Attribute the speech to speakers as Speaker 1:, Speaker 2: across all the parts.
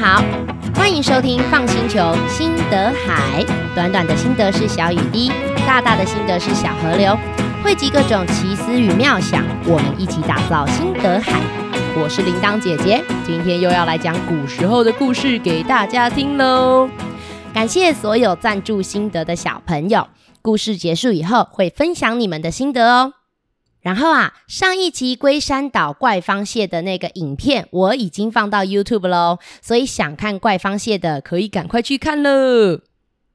Speaker 1: 好，歡迎收聽《FUN 星球心得海》。短短的心得是小雨滴，大大的心得是小河流，匯集各種奇思與妙想，我們一起打造心得海。我是鈴鐺姐姐，今天又要來講古時候的故事給大家聽嘍。感謝所有贊助心得的小朋友，故事結束以後會分享你們的心得哦。然後啊，上一集龜山島怪方蟹的那個影片，我已經放到 YouTube 嘍、哦，所以想看怪方蟹的可以趕快去看了。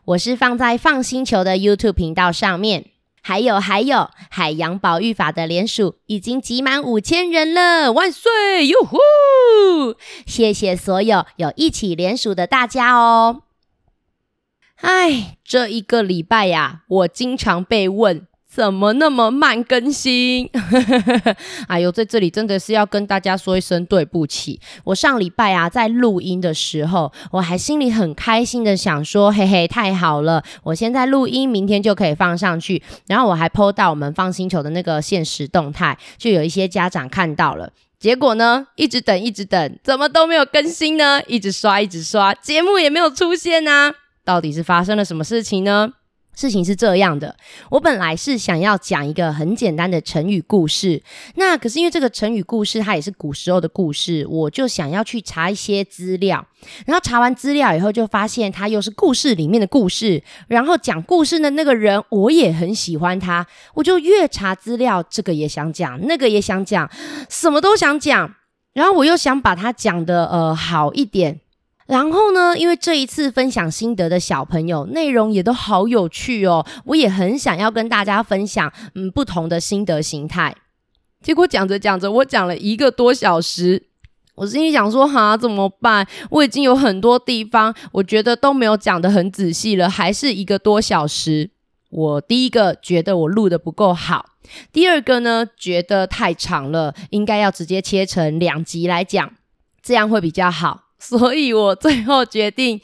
Speaker 1: 我是放在 FUN 星球的 YouTube 頻道上面。還有還有，海洋保育法的聯署已經集滿五千人了，萬歲喲呼！謝謝所有有一起聯署的大家哦。哎，這一個禮拜呀、啊，我經常被問。怎麼那麼慢更新？ 哎呦，在這裡真的是要跟大家說一聲對不起。我上禮拜啊，在錄音的時候，我還心裡很開心的想說：“嘿嘿，太好了，我現在錄音，明天就可以放上去。”然後我還 PO 到我們 FUN 星球的那個限時動態，就有一些家長看到了。結果呢，一直等，一直等，怎麼都沒有更新呢？一直刷，一直刷，節目也沒有出現呢、啊。到底是發生了什麼事情呢？事情是這樣的，我本來是想要講一個很簡單的成語故事，那可是因為這個成語故事它也是古時候的故事，我就想要去查一些資料，然後查完資料以後就發現它又是故事裡面的故事，然後講故事的那個人我也很喜歡他，我就越查資料，這個也想講，那個也想講，什麼都想講，然後我又想把它講得，呃，好一點。然後呢，因為這一次分享心得的小朋友，內容也都好有趣哦。我也很想要跟大家分享，嗯，不同的心得形態。結果講着講着，我講了一個多小時。我心裡想說，哈、啊，怎麼辦？我已經有很多地方，我覺得都沒有講的很仔細了，還是一個多小時。我第一個覺得我錄的不夠好，第二個呢，覺得太長了，應該要直接切成兩集來講，這樣會比較好。所以我最後決定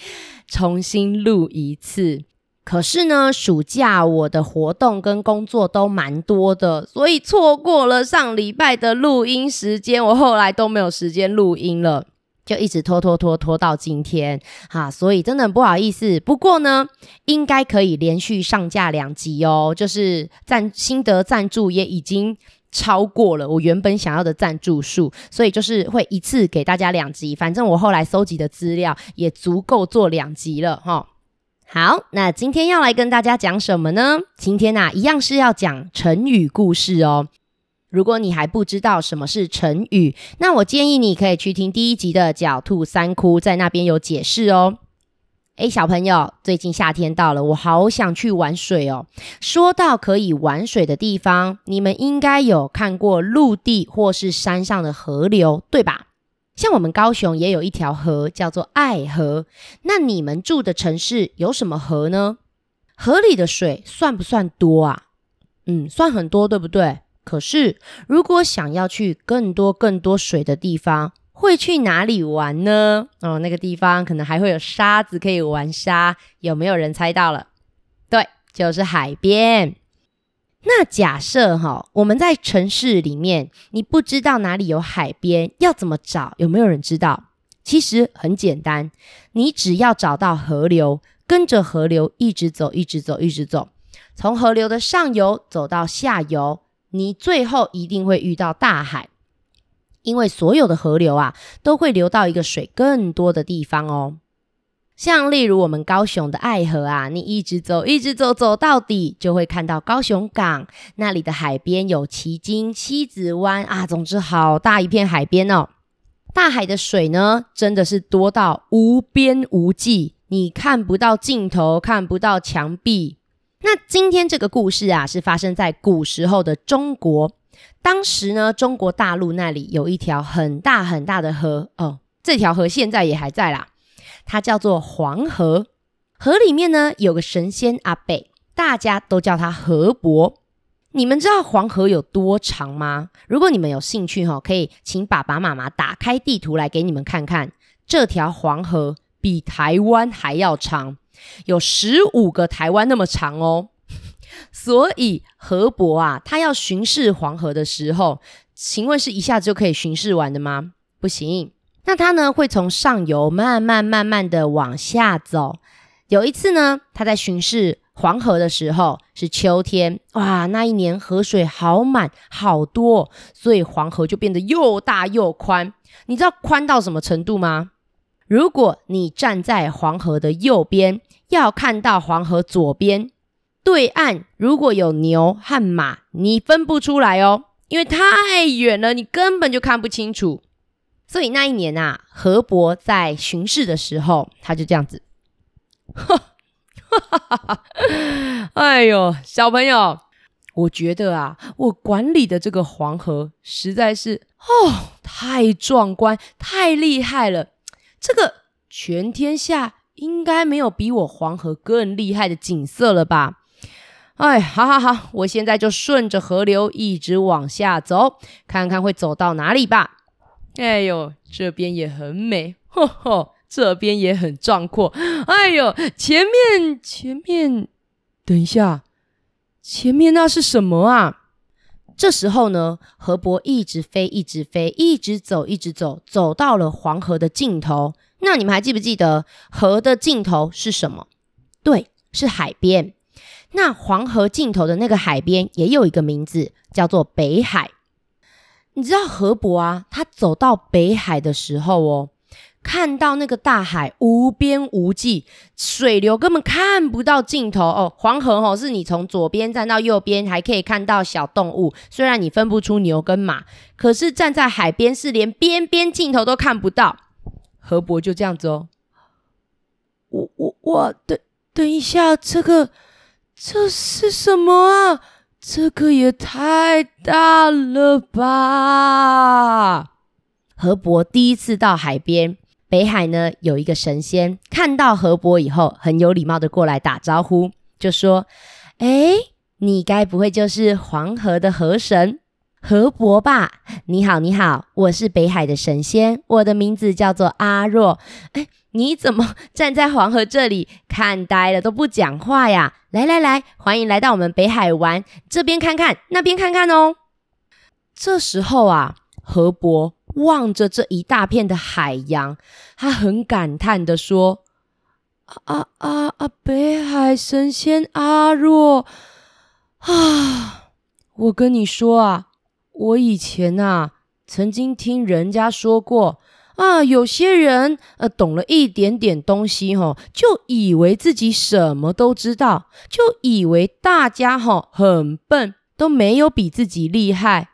Speaker 1: 重新錄一次。可是呢，暑假我的活動跟工作都蠻多的，所以錯過了上禮拜的錄音時間。我後來都沒有時間錄音了，就一直拖拖拖拖到今天。哈，所以真的很不好意思。不過呢，應該可以連續上架兩集哦，就是贊心得贊助也已經超過了我原本想要的贊助數，所以就是會一次給大家兩集。反正我後來搜集的資料也足夠做兩集了哈。好，那今天要來跟大家講什麼呢？今天啊，一樣是要講成語故事哦。如果你還不知道什麼是成語，那我建議你可以去聽第一集的“狡兔三窟”，在那邊有解釋哦。誒，小朋友，最近夏天到了，我好想去玩水哦。說到可以玩水的地方，你們應該有看過陸地或是山上的河流，對吧？像我們高雄也有一條河叫做愛河。那你們住的城市有什麼河呢？河裡的水算不算多啊？嗯，算很多，對不對？可是如果想要去更多更多水的地方，會去哪裡玩呢？哦，那個地方可能還會有沙子可以玩沙。有沒有人猜到了？對，就是海邊。那假設哈，我們在城市裡面，你不知道哪裡有海邊，要怎麼找？有沒有人知道？其實很簡單，你只要找到河流，跟着河流一直走，一直走，一直走，從河流的上游走到下游，你最後一定會遇到大海。因為所有的河流啊，都會流到一個水更多的地方哦。像例如我們高雄的愛河啊，你一直走，一直走，走到底，就會看到高雄港那裡的海邊有旗津、西子灣啊，總之好大一片海邊哦。大海的水呢，真的是多到無邊無際，你看不到盡頭，看不到牆壁。那今天這個故事啊，是發生在古時候的中國。當時呢，中國大陸那裡有一條很大很大的河哦，這條河現在也還在啦，它叫做黃河。河裡面呢有個神仙阿伯，大家都叫他河伯。你們知道黃河有多長嗎？如果你們有興趣齁、哦，可以請爸爸媽媽打開地圖來給你們看看。這條黃河比台灣還要長，有十五個台灣那麼長哦。所以，河伯啊，他要巡視黃河的時候，請問是一下子就可以巡視完的嗎？不行。那他呢，會從上游慢慢慢慢地往下走。有一次呢，他在巡視黃河的時候，是秋天，哇，那一年河水好滿好多，所以黃河就變得又大又寬。你知道寬到什麼程度嗎？如果你站在黃河的右邊，要看到黃河左邊。對岸如果有牛和馬，你分不出來哦，因為太遠了，你根本就看不清楚。所以那一年啊，河伯在巡視的時候，他就這樣子，哈哈哈哈！哎呦，小朋友，我覺得啊，我管理的這個黃河實在是哦，太壯觀，太厲害了。這個全天下應該沒有比我黃河更厲害的景色了吧？哎，好好好，我現在就順着河流一直往下走，看看會走到哪裡吧。哎呦，這邊也很美，呵呵，這邊也很壯闊。哎呦，前面，前面，等一下，前面那是什麼啊？這時候呢，河伯一直飛，一直飛，一直走，一直走，一直走，走到了黃河的盡頭。那你們還記不記得河的盡頭是什麼？對，是海邊。那黃河盡頭的那個海邊也有一個名字，叫做北海。你知道河伯啊，他走到北海的時候哦，看到那個大海無邊無際，水流根本看不到盡頭哦。黃河哦，是你從左邊站到右邊還可以看到小動物，雖然你分不出牛跟馬，可是，站在海邊是連邊邊盡頭都看不到。河伯就這樣子哦。我我我，等、啊、等一下，這個。這是什麼啊？這個也太大了吧！河伯第一次到海邊，北海呢，有一個神仙，看到河伯以後很有禮貌的過來打招呼，就說：“欸，你該不會就是黃河的河神？”河伯吧，你好，你好，我是北海的神仙，我的名字叫做阿若。哎，你怎麼站在黃河這裡看呆了都不講話呀？來來來，歡迎來到我們北海玩，這邊看看，那邊看看哦。這時候啊，河伯望着這一大片的海洋，他很感嘆地說：“啊啊啊啊！北海神仙阿若啊，我跟你說啊。”我以前吶、啊，曾經聽人家說過啊，有些人呃，懂了一點點東西、哦，吼，就以為自己什麼都知道，就以為大家吼很笨，都沒有比自己厲害。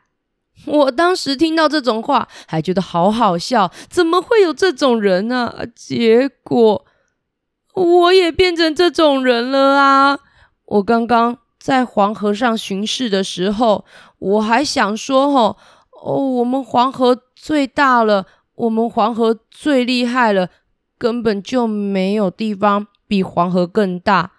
Speaker 1: 我當時聽到這種話，還覺得好好笑，怎麼會有這種人啊？結果我也變成這種人了啊！我剛剛。在黃河上巡視的時候，我還想說，哦，吼哦，我們黃河最大了，我們黃河最厲害了，根本就沒有地方比黃河更大。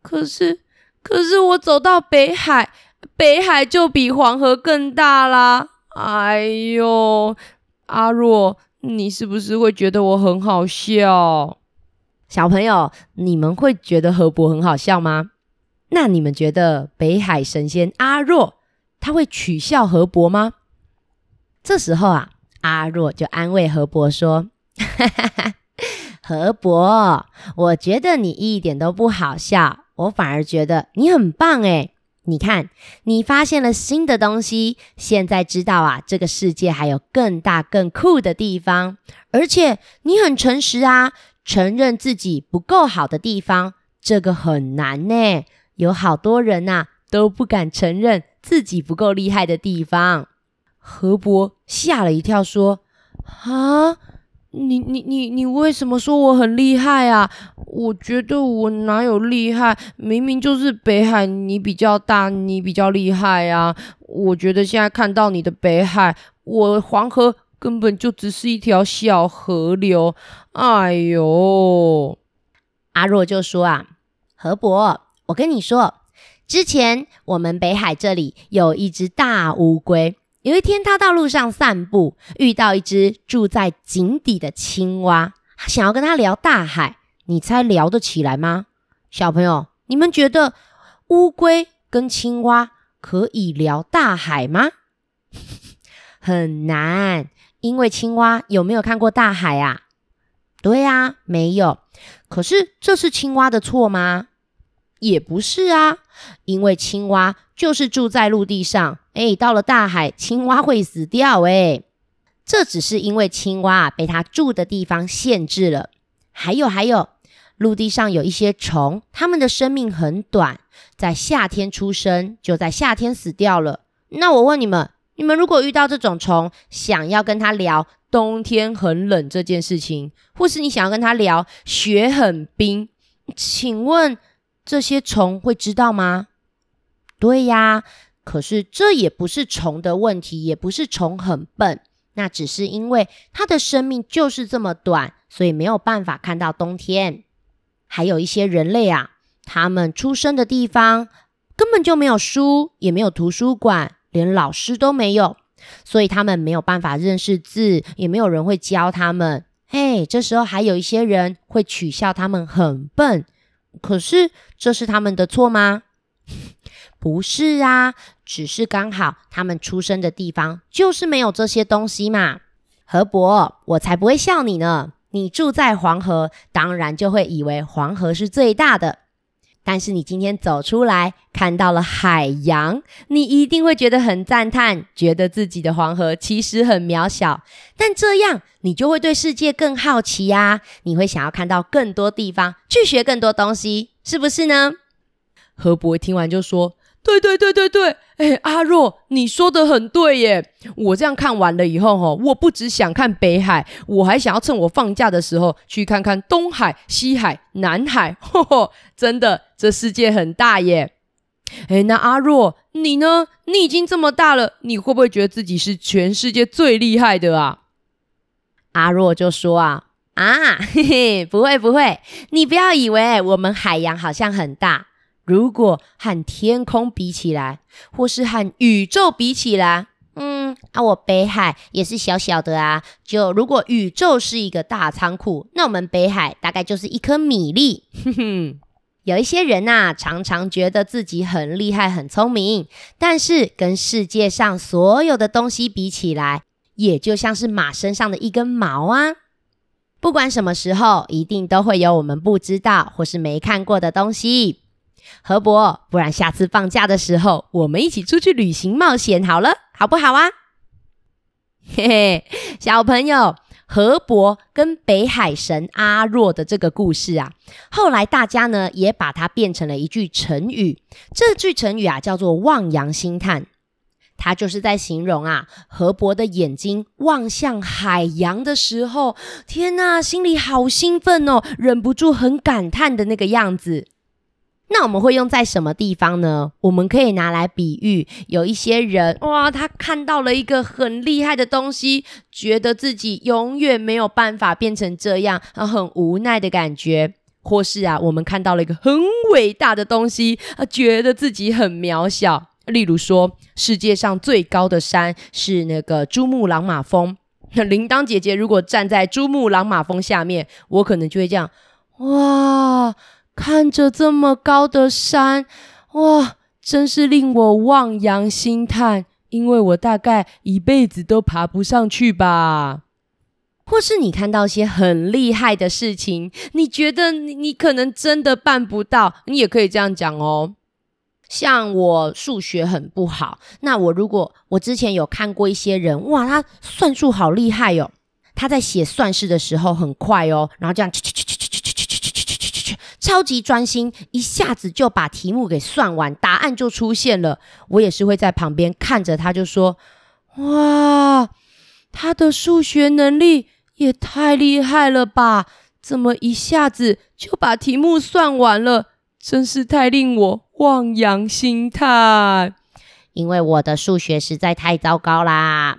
Speaker 1: 可是，可是我走到北海，北海就比黃河更大啦。哎呦，阿若，你是不是會覺得我很好笑？小朋友，你們會覺得河伯很好笑嗎？那你們覺得北海神仙阿若他會取笑河伯嗎？這時候啊，阿若就安慰河伯說：“哈哈哈，河伯，我覺得你一點都不好笑，我反而覺得你很棒哎。你看，你發現了新的東西，現在知道啊，這個世界還有更大更酷的地方。而且你很誠實啊，承認自己不夠好的地方，這個很難呢。”有好多人吶、啊、都不敢承認自己不夠厲害的地方。河伯嚇了一跳，說：“啊，你你你你為什麼說我很厲害啊？我覺得我哪有厲害，明明就是北海你比較大，你比較厲害啊！我覺得現在看到你的北海，我黃河根本就只是一條小河流。哎呦，阿若就說啊，河伯。”我跟你說，之前我們北海這裡有一隻大烏龜。有一天，它到路上散步，遇到一隻住在井底的青蛙，想要跟他聊大海。你猜聊得起來嗎？小朋友，你們覺得烏龜跟青蛙可以聊大海嗎？ 很難，因為青蛙有沒有看過大海啊？對呀，沒有。可是這是青蛙的錯嗎？也不是啊，因為青蛙就是住在陸地上，誒，欸，到了大海，青蛙會死掉，欸，誒，這只是因為青蛙啊被它住的地方限制了。還有還有，陸地上有一些蟲，它們的生命很短，在夏天出生，就在夏天死掉了。那我問你們，你們如果遇到這種蟲，想要跟它聊冬天很冷這件事情，或是你想要跟它聊雪很冰，請問？這些蟲會知道嗎？對呀、啊，可是這也不是蟲的問題，也不是蟲很笨，那只是因為它的生命就是這麼短，所以沒有辦法看到冬天。還有一些人類啊，他們出生的地方根本就沒有書，也沒有圖書館，連老師都沒有，所以他們沒有辦法認識字，也沒有人會教他們。嘿，這時候還有一些人會取笑他們很笨。可是，這是他們的錯嗎？ 不是啊，只是剛好他們出生的地方就是沒有這些東西嘛。河伯，我才不會笑你呢。你住在黃河，當然就會以為黃河是最大的。但是你今天走出來，看到了海洋，你一定會覺得很讚嘆，覺得自己的黃河其實很渺小。但這樣，你就會對世界更好奇呀，啊，你會想要看到更多地方，去學更多東西，是不是呢？河伯聽完就說。對對對對對，哎，阿若，你說的很對耶。我這樣看完了以後，齁，我不只想看北海，我還想要趁我放假的時候去看看東海、西海、南海。呵呵，真的，這世界很大耶。哎，那阿若，你呢？你已經這麼大了，你會不會覺得自己是全世界最厲害的啊？阿若就說，啊啊，嘿嘿，不會不會，你不要以為我們海洋好像很大。如果和天空比起來，或是和宇宙比起來，嗯，啊，我北海也是小小的啊。就如果宇宙是一個大倉庫，那我們北海大概就是一顆米粒。哼哼，有一些人啊，常常覺得自己很厲害、很聰明，但是跟世界上所有的東西比起來，也就像是馬身上的一根毛啊。不管什麼時候，一定都會有我們不知道或是沒看過的東西。河伯，不然下次放假的時候，我們一起出去旅行冒險好了，好不好啊？嘿嘿，小朋友，河伯跟北海神阿若的這個故事啊，後來大家呢也把它變成了一句成語。這句成語啊叫做“望洋興嘆”，它就是在形容啊河伯的眼睛望向海洋的時候，天哪，心裡好興奮哦，忍不住很感嘆的那個樣子。那我們會用在什麼地方呢？我們可以拿來比喻，有一些人哇，他看到了一個很厲害的東西，覺得自己永遠沒有辦法變成這樣啊，很無奈的感覺；或是啊，我們看到了一個很偉大的東西，啊，覺得自己很渺小。例如說，世界上最高的山是那個珠穆朗瑪峰，鈴鐺姐姐如果站在珠穆朗瑪峰下面，我可能就會這樣，哇。看着這麼高的山，哇，真是令我望洋興嘆，因為我大概一輩子都爬不上去吧。或是你看到一些很厲害的事情，你覺得你你可能真的辦不到，你也可以這樣講哦。像我數學很不好，那我如果我之前有看過一些人，哇，他算術好厲害喲、哦，他在寫算式的時候很快哦，然後這樣。超級專心，一下子就把題目給算完，答案就出現了。我也是會在旁邊看着他，就說：“哇，他的數學能力也太厲害了吧！怎麼一下子就把題目算完了？真是太令我望洋興嘆，因為我的數學實在太糟糕啦。”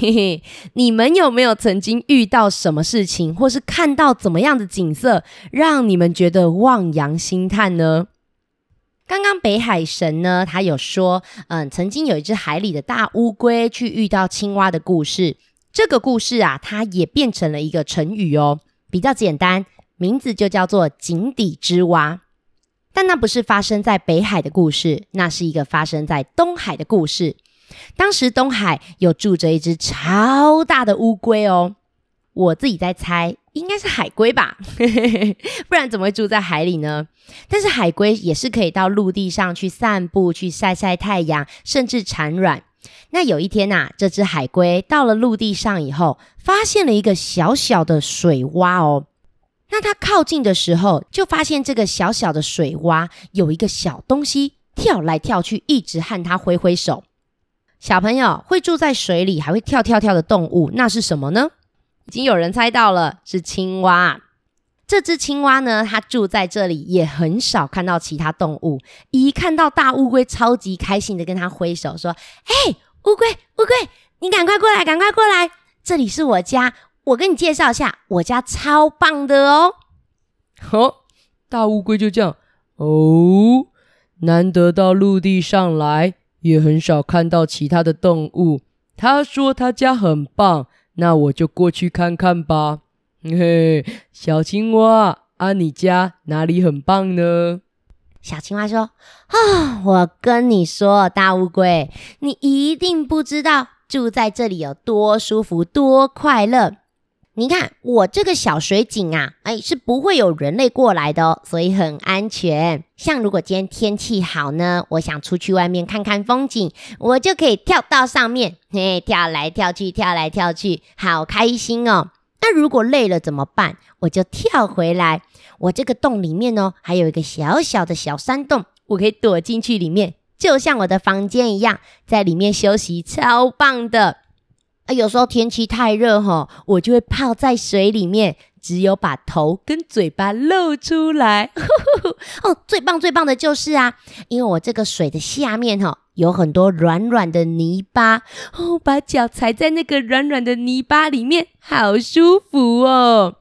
Speaker 1: 嘿嘿，你們有沒有曾經遇到什麼事情，或是看到怎麼樣的景色，讓你們覺得望洋興嘆呢？剛剛北海神呢，他有說，嗯，曾經有一隻海裡的大烏龜去遇到青蛙的故事。這個故事啊，它也變成了一個成語哦，比較簡單，名字就叫做井底之蛙。但那不是發生在北海的故事，那是一個發生在東海的故事。當時東海有住着一隻超大的烏龜哦，我自己在猜，應該是海龜吧， 不然怎麼會住在海裡呢？但是海龜也是可以到陸地上去散步、去曬曬太陽，甚至產卵。那有一天吶、啊，這隻海龜到了陸地上以後，發現了一個小小的水窪哦。那它靠近的時候，就發現這個小小的水窪有一個小東西跳來跳去，一直和它揮揮手。小朋友會住在水裡，還會跳跳跳的動物，那是什麼呢？已經有人猜到了，是青蛙。這隻青蛙呢，它住在這裡，也很少看到其他動物。一看到大烏龜，超級開心的，跟它揮手說：“嘿，烏龜，烏龜，你趕快過來，趕快過來，這裡是我家，我跟你介紹一下，我家超棒的哦。”哦，大烏龜就這樣，哦，難得到陸地上來。也很少看到其他的動物。他說他家很棒，那我就過去看看吧。嗯、嘿，小青蛙，啊，你家哪裡很棒呢？小青蛙說：“啊，我跟你說，大烏龜，你一定不知道住在這裡有多舒服，多快樂。”你看我這個小水井啊，哎、欸，是不會有人類過來的哦，所以很安全。像如果今天天氣好呢，我想出去外面看看風景，我就可以跳到上面，嘿嘿，跳來跳去，跳來跳去，好開心哦。那如果累了怎麼辦？我就跳回來。我這個洞裡面哦，還有一個小小的小山洞，我可以躲進去裡面，就像我的房間一樣，在裡面休息，超棒的。啊，有時候天氣太熱齁，我就會泡在水裡面，只有把頭跟嘴巴露出來。呵呵呵哦，最棒最棒的就是啊，因為我這個水的下面齁，有很多軟軟的泥巴，哦，把腳踩在那個軟軟的泥巴裡面，好舒服哦。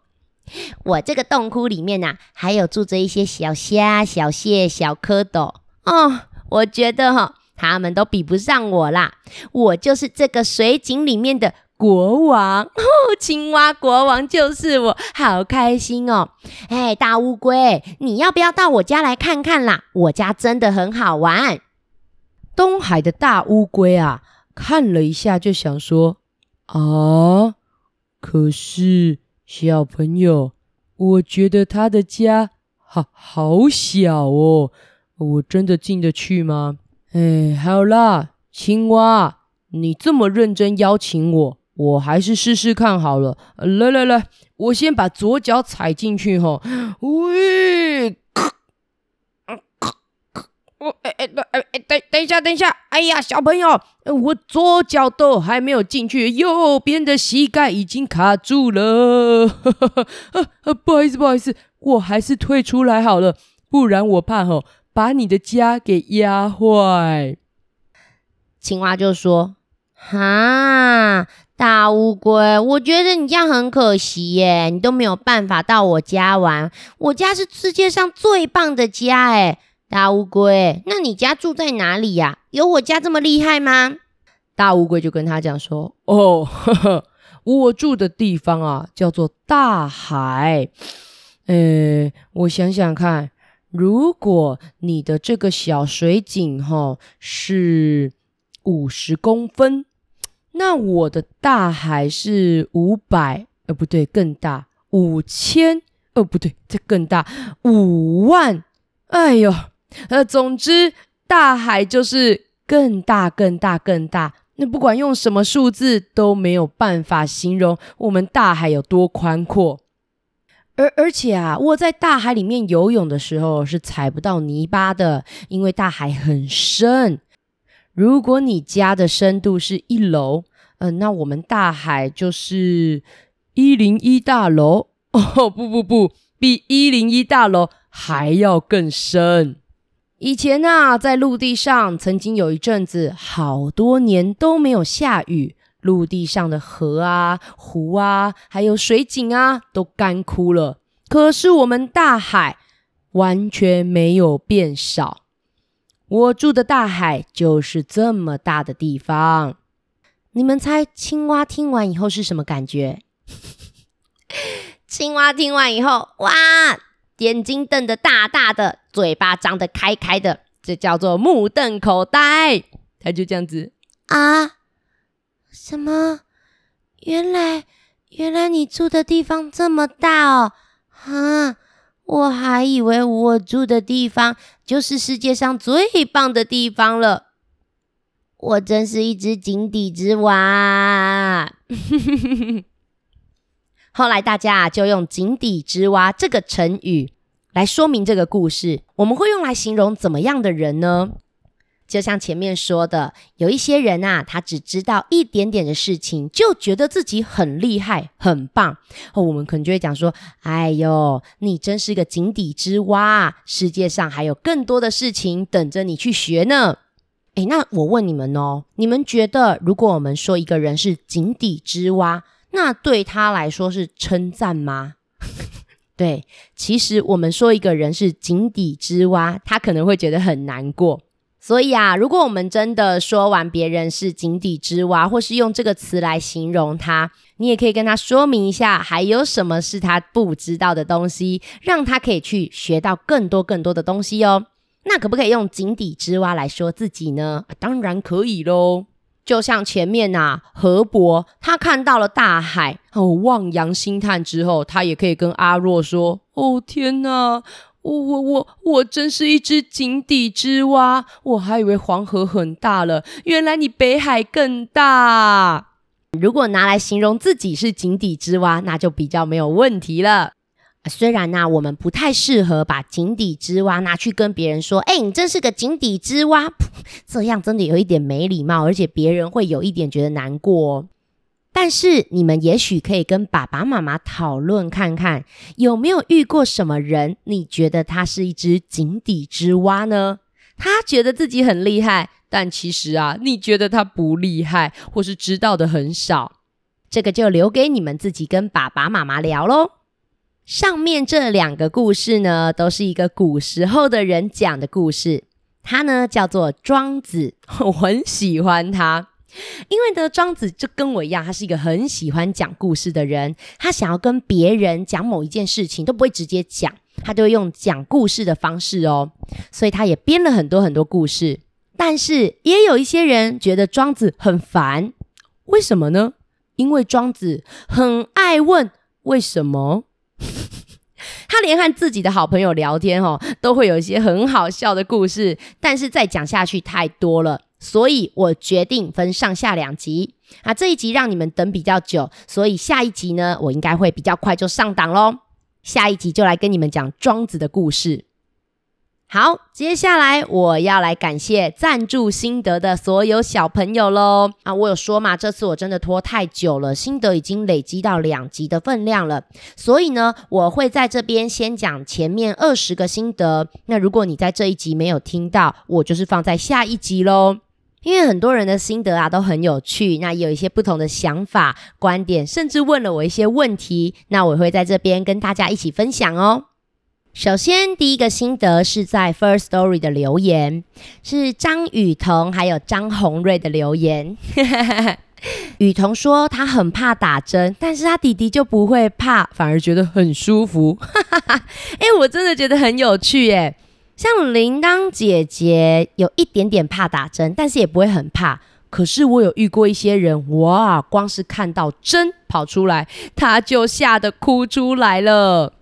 Speaker 1: 我這個洞窟裡面吶啊，還有住着一些小蝦、小蟹、小蝌蚪。哦，我覺得哈。他們都比不上我啦！我就是這個水井裡面的國王哦，青蛙國王就是我，好開心哦！哎，大烏龜，你要不要到我家來看看啦？我家真的很好玩。東海的大烏龜啊，看了一下就想說：“啊，可是小朋友，我覺得他的家好好小哦，我真的進得去嗎？”嗯、欸，好啦，青蛙，你這麼認真邀請我，我還是試試看好了。啊、來來來，我先把左腳踩進去吼。喂，咳，咳，咳，我，哎哎哎哎，等、呃呃呃呃呃呃呃、等一下，等一下。哎呀，小朋友，呃、我左腳都還沒有進去，右邊的膝蓋已經卡住了。呵呵呵、啊啊。不好意思，不好意思，我還是退出來好了，不然我怕吼。把你的家給壓壞，青蛙就說：“哈、啊，大烏龜，我覺得你這樣很可惜耶，你都沒有辦法到我家玩，我家是世界上最棒的家哎，大烏龜，那你家住在哪裡呀、啊？有我家這麼厲害嗎？”大烏龜就跟他講說：“哦，呵呵，我住的地方啊，叫做大海，呃，我想想看。”如果你的這個小水井哈、哦、是五十公分，那我的大海是五百，呃，不對，更大，五千，哦，不對，這更大，五萬，哎呦，呃，總之，大海就是更大、更大、更大。那不管用什麼數字都沒有辦法形容我們大海有多寬闊。而而且啊，我在大海裡面游泳的時候是踩不到泥巴的，因為大海很深。如果你家的深度是一樓，嗯、呃，那我們大海就是一零一大樓。哦，不不不，比一零一大樓還要更深。以前啊，在陸地上曾經有一陣子，好多年都沒有下雨。陸地上的河啊、湖啊，還有水井啊，都乾枯了。可是我們大海完全沒有變少。我住的大海就是這麼大的地方。你們猜青蛙聽完以後是什麼感覺？ 青蛙聽完以後，哇，眼睛瞪得大大的，嘴巴張得開開的，這叫做目瞪口呆。它就這樣子啊。什麼？原來原來你住的地方這麼大哦！哈、啊，我還以為我住的地方就是世界上最棒的地方了。我真是一只井底之蛙。 後來大家就用“井底之蛙”這個成語來說明這個故事。我們會用來形容怎麼樣的人呢？就像前面說的，有一些人啊，他只知道一點點的事情，就覺得自己很厲害、很棒。哦，我們可能就會講說：“哎呦，你真是個井底之蛙啊，世界上還有更多的事情等着你去學呢。”哎，那我問你們哦，你們覺得如果我們說一個人是井底之蛙，那對他來說是稱讚嗎？ 對，其實我們說一個人是井底之蛙，他可能會覺得很難過。所以啊，如果我們真的說完別人是井底之蛙，或是用這個詞來形容他，你也可以跟他說明一下，還有什麼是他不知道的東西，讓他可以去學到更多更多的東西哦。那可不可以用井底之蛙來說自己呢？啊，當然可以嘍。就像前面吶，啊，河伯他看到了大海，哦，望洋興嘆之後，他也可以跟阿若說：“哦，天吶！”我我我我真是一隻井底之蛙，我還以為黃河很大了，原來你北海更大啊。如果拿來形容自己是井底之蛙，那就比較沒有問題了。啊，雖然呢啊，我們不太適合把井底之蛙拿去跟別人說，哎，欸，你真是個井底之蛙，噗，這樣真的有一點沒禮貌，而且別人會有一點覺得難過。但是你們也許可以跟爸爸媽媽討論看看，有沒有遇過什麼人？你覺得他是一隻井底之蛙呢？他覺得自己很厲害，但其實啊，你覺得他不厲害，或是知道的很少。這個就留給你們自己跟爸爸媽媽聊嘍。上面這兩個故事呢，都是一個古時候的人講的故事。他呢，叫做莊子，我很喜歡他。因為呢，莊子就跟我一樣，他是一個很喜歡講故事的人。他想要跟別人講某一件事情，都不會直接講，他就會用講故事的方式哦。所以他也編了很多很多故事。但是也有一些人覺得莊子很煩，為什麼呢？因為莊子很愛問為什麼。他 連和自己的好朋友聊天哦，都會有一些很好笑的故事。但是再講下去太多了。所以我決定分上下兩集啊，這一集讓你們等比較久，所以下一集呢，我應該會比較快就上檔嘍。下一集就來跟你們講莊子的故事。好，接下來我要來感謝贊助心得的所有小朋友嘍。啊，我有說嘛，這次我真的拖太久了，心得已經累積到兩集的分量了，所以呢，我會在這邊先講前面二十個心得。那如果你在這一集沒有聽到，我就是放在下一集嘍。因為很多人的心得啊都很有趣，那也有一些不同的想法、觀點，甚至問了我一些問題，那我會在這邊跟大家一起分享哦。首先，第一個心得是在 First Story 的留言，是張雨桐還有張宏瑞的留言。 雨桐說他很怕打針，但是他弟弟就不會怕，反而覺得很舒服。哎、 欸，我真的覺得很有趣、欸，哎。像鈴鐺姐姐有一點點怕打針，但是也不會很怕。可是我有遇過一些人，哇，光是看到針跑出來，他就嚇得哭出來了。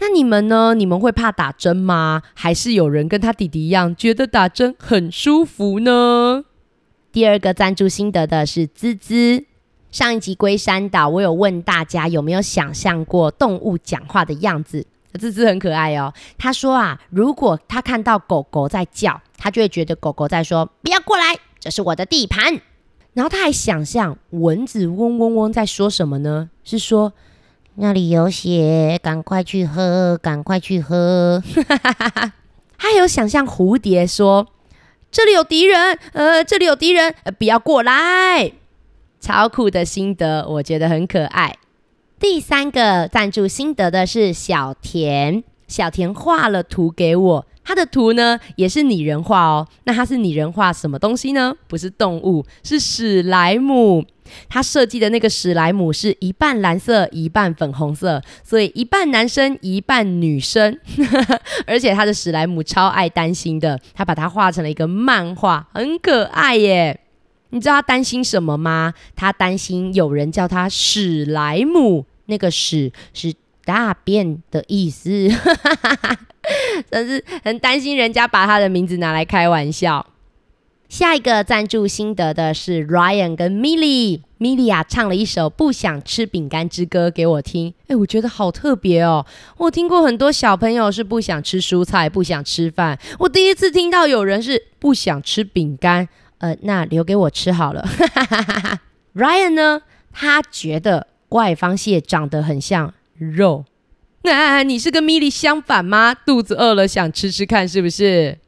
Speaker 1: 那你們呢？你們會怕打針嗎？還是有人跟他弟弟一樣，覺得打針很舒服呢？第二個贊助心得的是滋滋。上一集龜山島，我有問大家有沒有想象過動物講話的樣子。這、呃、芝很可愛哦。他說啊，如果他看到狗狗在叫，他就會覺得狗狗在說“不要過來，這是我的地盤”。然後他還想象蚊子嗡嗡嗡在說什麼呢？是說那裡有血，趕快去喝，趕快去喝。哈哈哈，他還有想象蝴蝶說：“這裡有敵人，呃，這裡有敵人、呃，不要過來。”超酷的心得，我覺得很可愛。第三個贊助心得的是小田，小田畫了圖給我，他的圖呢也是擬人化哦。那他是擬人化什麼東西呢？不是動物，是史萊姆。他設計的那個史萊姆是一半藍色一半粉紅色，所以一半男生一半女生。 而且他的史萊姆超愛擔心的，他把它畫成了一個漫畫，很可愛耶。你知道他擔心什麼嗎？他擔心有人叫他史萊姆，那個史是大便的意思， 真是很擔心人家把他的名字拿來開玩笑。下一個贊助心得的是 Ryan 跟 Milly，Milly Milly 啊唱了一首《不想吃餅乾之歌》給我聽，哎、欸，我覺得好特別哦！我聽過很多小朋友是不想吃蔬菜，不想吃飯，我第一次聽到有人是不想吃餅乾。呃，那留給我吃好了。 Ryan 呢？他覺得怪方蟹長得很像肉。那、啊、你是跟 Mili 相反嗎？肚子餓了想吃吃看是不是？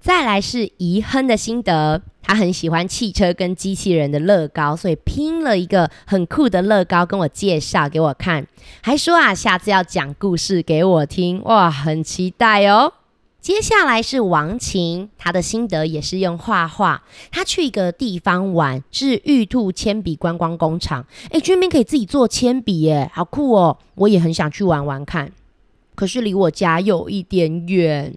Speaker 1: 再來是怡亨的心得，他很喜歡汽車跟機器人的樂高，所以拼了一個很酷的樂高跟我介紹給我看，還說啊，下次要講故事給我聽，哇，很期待哦。接下來是王晴，他的心得也是用畫畫。他去一個地方玩，是玉兔鉛筆觀光工廠。誒、欸、居民可以自己做鉛筆耶，好酷哦、喔！我也很想去玩玩看，可是離我家有一點遠。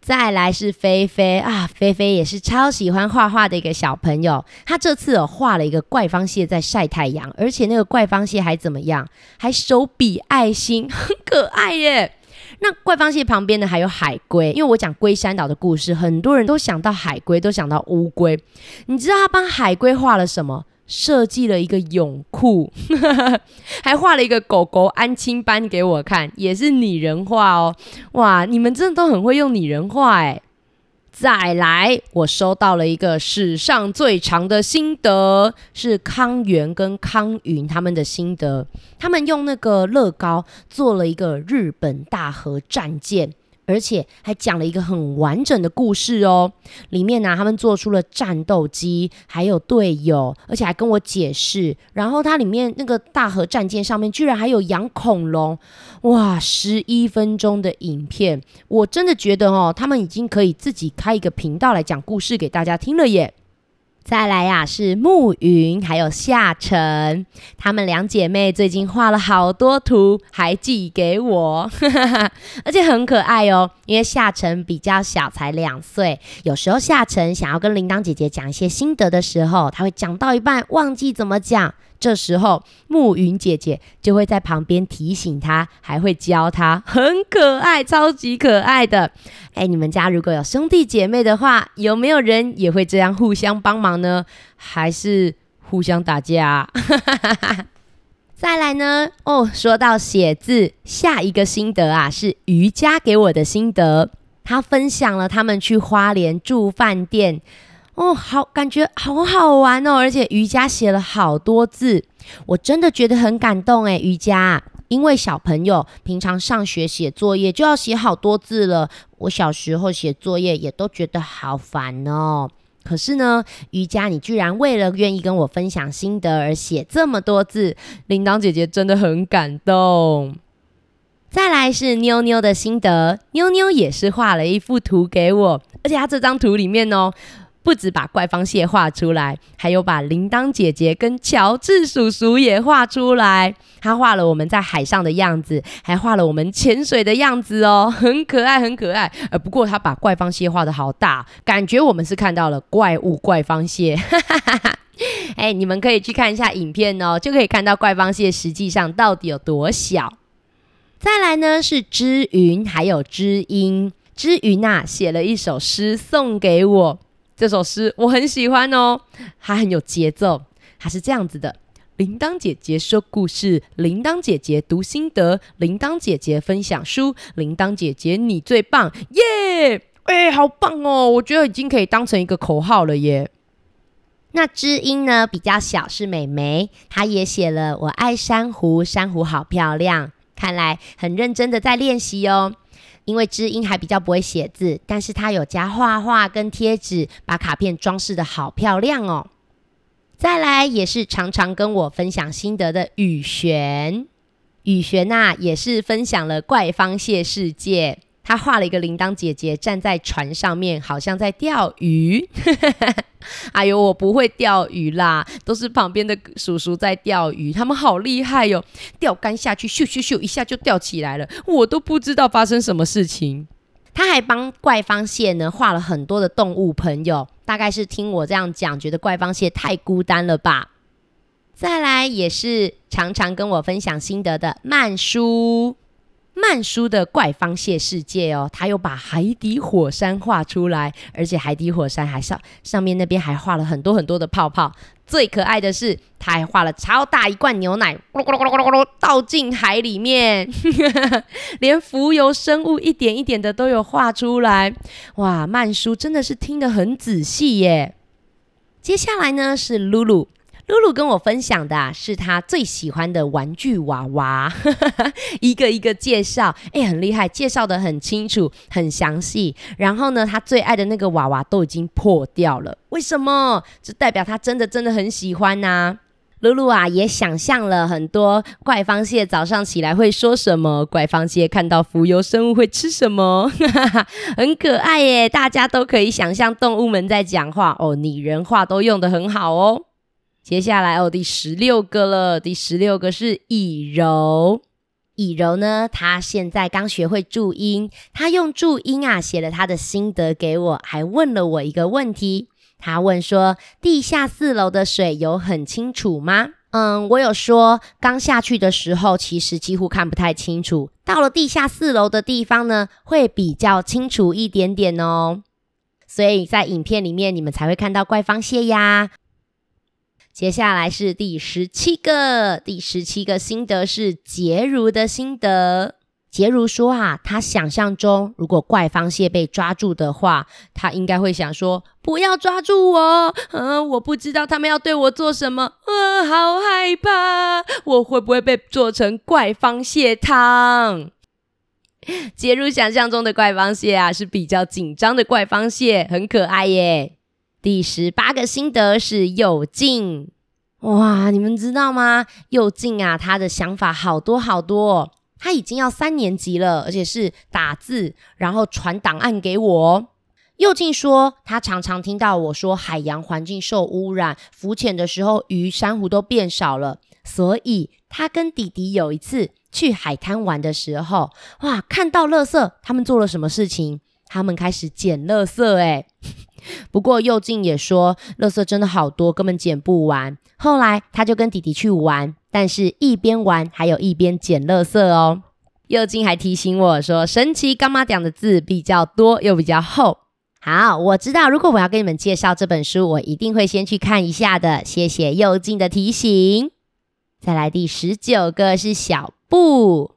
Speaker 1: 再來是菲菲啊，菲菲也是超喜歡畫畫的一個小朋友。他這次畫了一個怪方蟹在曬太陽，而且那個怪方蟹還怎麼樣？還手比愛心，很可愛耶、欸。那怪方蟹旁邊呢，還有海龜，因為我講龜山島的故事，很多人都想到海龜，都想到烏龜。你知道他幫海龜畫了什麼？設計了一個泳褲， 還畫了一個狗狗安親班給我看，也是擬人化哦。哇，你們真的都很會用擬人化哎。再來，我收到了一個史上最長的心得，是康源跟康云他們的心得。他們用那個樂高做了一個日本大和戰艦。而且還講了一個很完整的故事哦，裡面呢、啊、他們做出了戰鬥機，還有隊友，而且還跟我解釋。然後它裡面那個大河戰艦上面居然還有養恐龍，哇！十一分鐘的影片，我真的覺得哦，他們已經可以自己開一個頻道來講故事給大家聽了耶。再來呀、啊，是暮雲還有夏晨，她們兩姐妹最近畫了好多圖，還寄給我， 而且很可愛哦。因為夏晨比較小，才兩歲，有時候夏晨想要跟鈴鐺姐姐講一些心得的時候，她會講到一半忘記怎麼講。這時候，暮雲姐姐就會在旁邊提醒他，還會教他，很可愛，超級可愛的。哎，你們家如果有兄弟姐妹的話，有沒有人也會這樣互相幫忙呢？還是互相打架？ 再來呢？哦，說到寫字，下一個心得啊，是瑜伽給我的心得。他分享了他們去花蓮住飯店。哦，好，感覺好好玩哦！而且瑜伽寫了好多字，我真的覺得很感動哎。瑜伽，因為小朋友平常上學寫作業就要寫好多字了，我小時候寫作業也都覺得好煩哦。可是呢，瑜伽你居然為了願意跟我分享心得而寫這麼多字，鈴鐺姐姐真的很感動。再來是妞妞的心得，妞妞也是畫了一幅圖給我，而且她這張圖裡面哦。不止把怪方蟹畫出來，還有把鈴鐺姐姐跟喬治叔叔也畫出來。他畫了我們在海上的樣子，還畫了我們潛水的樣子哦，很可愛，很可愛。而不過他把怪方蟹畫得好大，感覺我們是看到了怪物怪方蟹。哎、 欸，你們可以去看一下影片哦，就可以看到怪方蟹實際上到底有多小。再來呢是知雲還有知音，知雲啊寫了一首詩送給我。這首詩我很喜歡哦，它很有節奏，它是這樣子的：鈴鐺姐姐說故事，鈴鐺姐姐讀心得，鈴鐺姐姐分享書，鈴鐺姐姐你最棒，耶、yeah! 欸！誒好棒哦，我覺得已經可以當成一個口號了耶。那知音呢比較小，是妹妹，她也寫了我愛珊瑚，珊瑚好漂亮，看來很認真的在練習哦。因為知音還比較不會寫字，但是他有加畫畫跟貼紙，把卡片裝飾得好漂亮哦。再來也是常常跟我分享心得的雨璇，雨璇吶、啊、也是分享了怪方蟹世界。他畫了一個鈴鐺姐姐站在船上面，好像在釣魚。 哎呦，我不會釣魚啦，都是旁邊的叔叔在釣魚，他們好厲害喲、喔！釣竿下去，咻咻咻一下就釣起來了，我都不知道發生什麼事情。他還幫怪方蟹呢畫了很多的動物朋友，大概是聽我這樣講，覺得怪方蟹太孤單了吧。再來，也是常常跟我分享心得的曼叔。曼書的怪方蟹世界哦，他又把海底火山畫出來，而且海底火山還上上面那邊還畫了很多很多的泡泡。最可愛的是，他還畫了超大一罐牛奶，咕嚕咕嚕咕嚕咕嚕倒進海裡面， 連浮游生物一點一點的都有畫出來。哇，曼書真的是聽得很仔細耶。接下來呢，是露露。露露跟我分享的、啊、是她最喜歡的玩具娃娃， 一個一個介紹，哎、欸，很厲害，介紹得很清楚、很詳細。然後呢，她最愛的那個娃娃都已經破掉了，為什麼？這代表她真的真的很喜歡吶、啊。露露啊，也想象了很多怪方蟹早上起來會說什麼，怪方蟹看到浮游生物會吃什麼， 很可愛耶。大家都可以想象動物們在講話哦，擬人化都用得很好哦。接下來哦，第十六個了。第十六個是以柔，以柔呢，他現在剛學會注音，他用注音啊寫了他的心得給我，還問了我一個問題。他問說：地下四樓的水有很清楚嗎？嗯，我有說，剛下去的時候其實幾乎看不太清楚，到了地下四樓的地方呢，會比較清楚一點點哦。所以在影片裡面你們才會看到怪方蟹呀。接下來是第十七個，第十七個心得是傑如的心得。傑如說啊，他想象中如果怪方蟹被抓住的話，他應該會想說：不要抓住我！嗯、呃，我不知道他們要對我做什麼。呃，好害怕！我會不會被做成怪方蟹湯？傑如想象中的怪方蟹啊，是比較緊張的怪方蟹，很可愛耶。第十八個心得是佑靜，哇，你們知道嗎？佑靜啊，他的想法好多好多，他已經要三年級了，而且是打字然後傳檔案給我。佑靜說，他常常聽到我說海洋環境受污染，浮潛的時候魚、珊瑚都變少了，所以他跟弟弟有一次去海灘玩的時候，哇，看到垃圾，他們做了什麼事情？他們開始撿垃圾。欸，哎。不過佑靖也說，垃圾真的好多，根本撿不完。後來他就跟弟弟去玩，但是，一邊玩還有一邊撿垃圾哦。佑靖還提醒我說，神奇乾媽講的字比較多，又比較厚。好，我知道，如果我要給你們介紹這本書，我一定會先去看一下的。謝謝佑靖的提醒。再來第十九個是小布。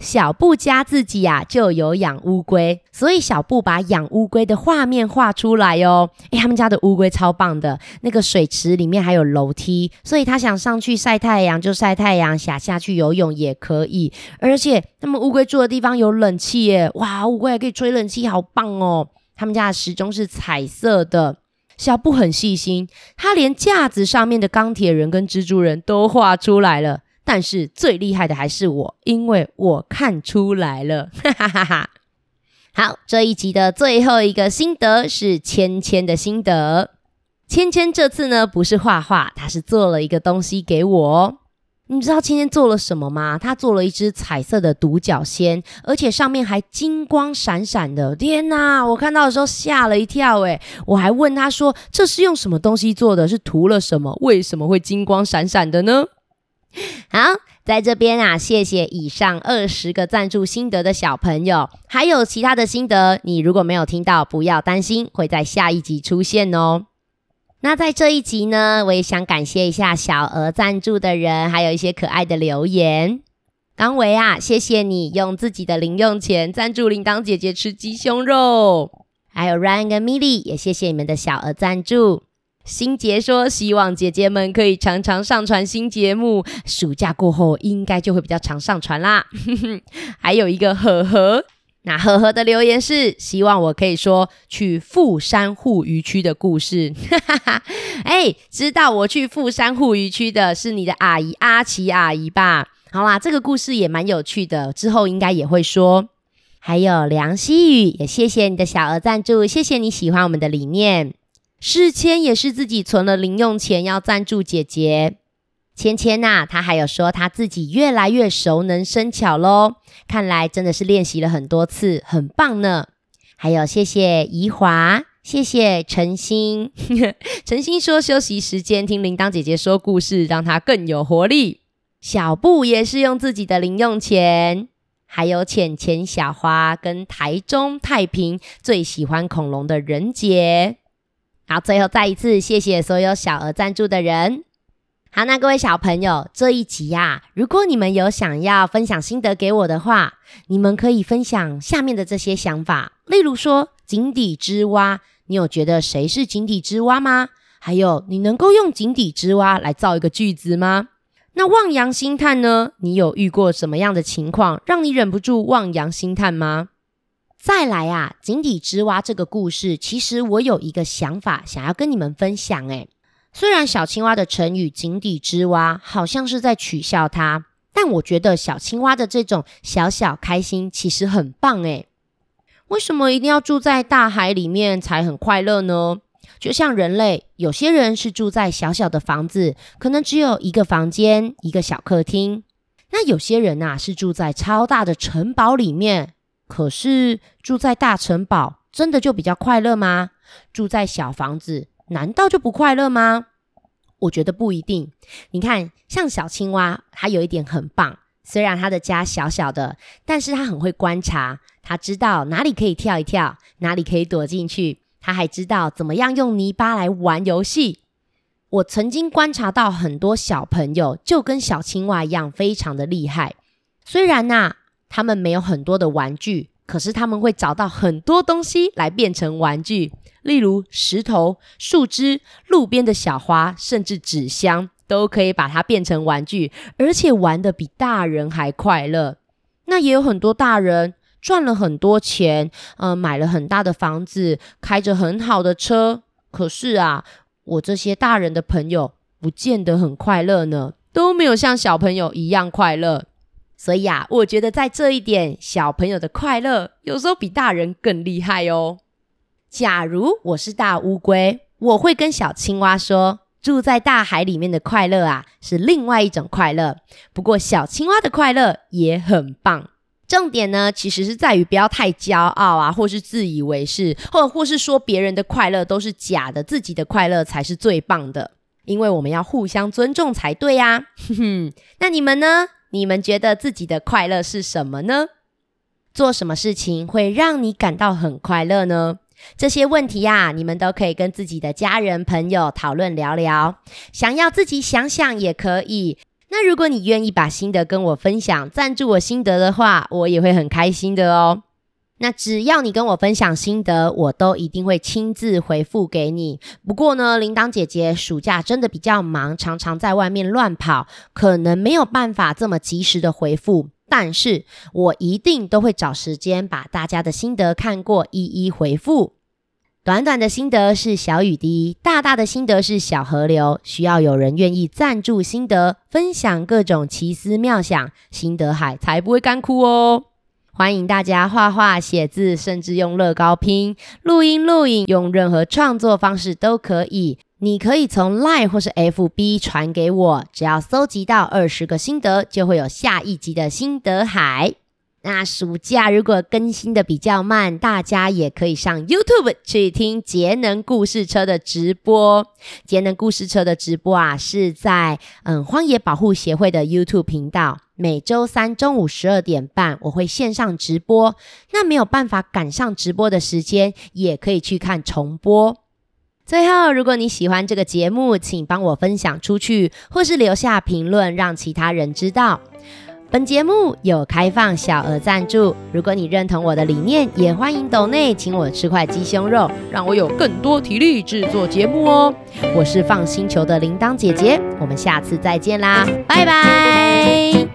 Speaker 1: 小布家自己呀、啊、就有養烏龜，所以小布把養烏龜的畫面畫出來哦。誒、欸，他們家的烏龜超棒的，那個水池裡面還有樓梯，所以他想上去曬太陽就曬太陽，想下，下去游泳也可以。而且他們烏龜住的地方有冷氣誒，哇，烏龜還可以吹冷氣，好棒哦。他們家的時鐘是彩色的，小布很細心，他連架子上面的鋼鐵人跟蜘蛛人都畫出來了。但是最厲害的還是我，因為我看出來了，哈哈哈哈！好，這一集的最後一個心得是芊芊的心得。芊芊這次呢不是畫畫，她是做了一個東西給我。你知道芊芊做了什麼嗎？她做了一隻彩色的獨角仙，而且上面還金光閃閃的。天哪，我看到的時候嚇了一跳，誒，我還問她說這是用什麼東西做的，是塗了什麼，為什麼會金光閃閃的呢？好，在這邊啊，謝謝以上二十個贊助心得的小朋友，還有其他的心得，你如果沒有聽到，不要擔心，會在下一集出現哦。那在這一集呢，我也想感謝一下小額贊助的人，還有一些可愛的留言。剛維啊，謝謝你用自己的零用錢贊助鈴鐺姐姐吃雞胸肉，還有 Ryan 跟 Milly 也謝謝你們的小額贊助。新杰說：“希望姐姐們可以常常上傳新節目，暑假過後應該就會比較常上傳啦。 ”還有一個呵呵，那呵呵的留言是：“希望我可以說去富山護漁區的故事。 ”哈哎，知道我去富山護漁區的是你的阿姨阿琪阿姨吧？好啦，這個故事也蠻有趣的，之後應該也會說。還有梁希雨，也謝謝你的小額贊助，謝謝你喜歡我們的理念。世謙也是自己存了零用錢要贊助姐姐芊芊吶。他、啊、還有說他自己越來越熟能生巧嘍，看來真的是練習了很多次，很棒呢。還有謝謝怡華，謝謝晨星，晨 星說休息時間聽鈴鐺姐姐說故事，讓他更有活力。小布也是用自己的零用錢，還有淺淺、小花跟台中太平最喜歡恐龍的人杰。好，最後再一次謝謝所有小額贊助的人。好，那各位小朋友，這一集呀、啊，如果你們有想要分享心得給我的話，你們可以分享下面的這些想法，例如說“井底之蛙”，你有覺得誰是井底之蛙嗎？還有，你能夠用“井底之蛙”來造一個句子嗎？那“望洋興嘆”呢？你有遇過什麼樣的情況，讓你忍不住望洋興嘆嗎？再來啊！井底之蛙這個故事，其實我有一個想法想要跟你們分享。誒，雖然小青蛙的成語“井底之蛙”好像是在取笑它，但我覺得小青蛙的這種小小開心其實很棒。誒。為什麼一定要住在大海裡面才很快樂呢？就像人類，有些人是住在小小的房子，可能只有一個房間，一個小客廳；那有些人啊，是住在超大的城堡裡面。可是住在大城堡真的就比較快樂嗎？住在小房子難道就不快樂嗎？我覺得不一定。你看，像小青蛙，它有一點很棒，雖然它的家小小的，但是它很會觀察，它知道哪裡可以跳一跳，哪裡可以躲進去，它還知道怎麼樣用泥巴來玩遊戲。我曾經觀察到很多小朋友，就跟小青蛙一樣，非常的厲害。雖然吶、啊。他們沒有很多的玩具，可是他們會找到很多東西來變成玩具，例如石頭、樹枝、路邊的小花，甚至紙箱都可以把它變成玩具，而且玩得比大人還快樂。那也有很多大人賺了很多錢，嗯、呃，買了很大的房子，開着很好的車，可是啊，我這些大人的朋友不見得很快樂呢，都沒有像小朋友一樣快樂。所以啊，我覺得在這一點，小朋友的快樂有時候比大人更厲害哦。假如我是大烏龜，我會跟小青蛙說：“住在大海裡面的快樂啊，是另外一種快樂。”不過，小青蛙的快樂也很棒。重點呢，其實是在於不要太驕傲啊，或是自以為是，或者或是說別人的快樂都是假的，自己的快樂才是最棒的。因為我們要互相尊重才對呀。 那你們呢？你們覺得自己的快樂是什麼呢？做什麼事情會讓你感到很快樂呢？這些問題呀，你們都可以跟自己的家人朋友討論聊聊，想要自己想想也可以。那如果你願意把心得跟我分享，贊助我心得的話，我也會很開心的哦。那只要你跟我分享心得，我都一定會親自回復給你。不過呢，鈴鐺姐姐暑假真的比較忙，常常在外面亂跑，可能沒有辦法這麼及時的回復。但是我一定都會找時間把大家的心得看過，一一回復。短短的心得是小雨滴，大大的心得是小河流，需要有人願意贊助心得，分享各種奇思妙想，心得海才不會乾枯哦。歡迎大家畫畫、寫字，甚至用樂高拼、錄音、錄影，用任何創作方式都可以。你可以從 Line 或是 FB 傳給我，只要蒐集到二十個心得，就會有下一集的心得海。那暑假如果更新的比較慢，大家也可以上 YouTube 去聽節能故事車的直播。節能故事車的直播啊，是在，嗯，荒野保護協會的 YouTube 頻道。每週三中午十二點半，我會線上直播。那沒有辦法趕上直播的時間，也可以去看重播。最後，如果你喜歡這個節目，請幫我分享出去，或是留下評論，讓其他人知道。本節目有開放小額贊助，如果你認同我的理念，也歡迎斗內請我吃塊雞胸肉，讓我有更多體力製作節目哦。我是 FUN 星球的鈴鐺姐姐，我們下次再見啦，拜拜。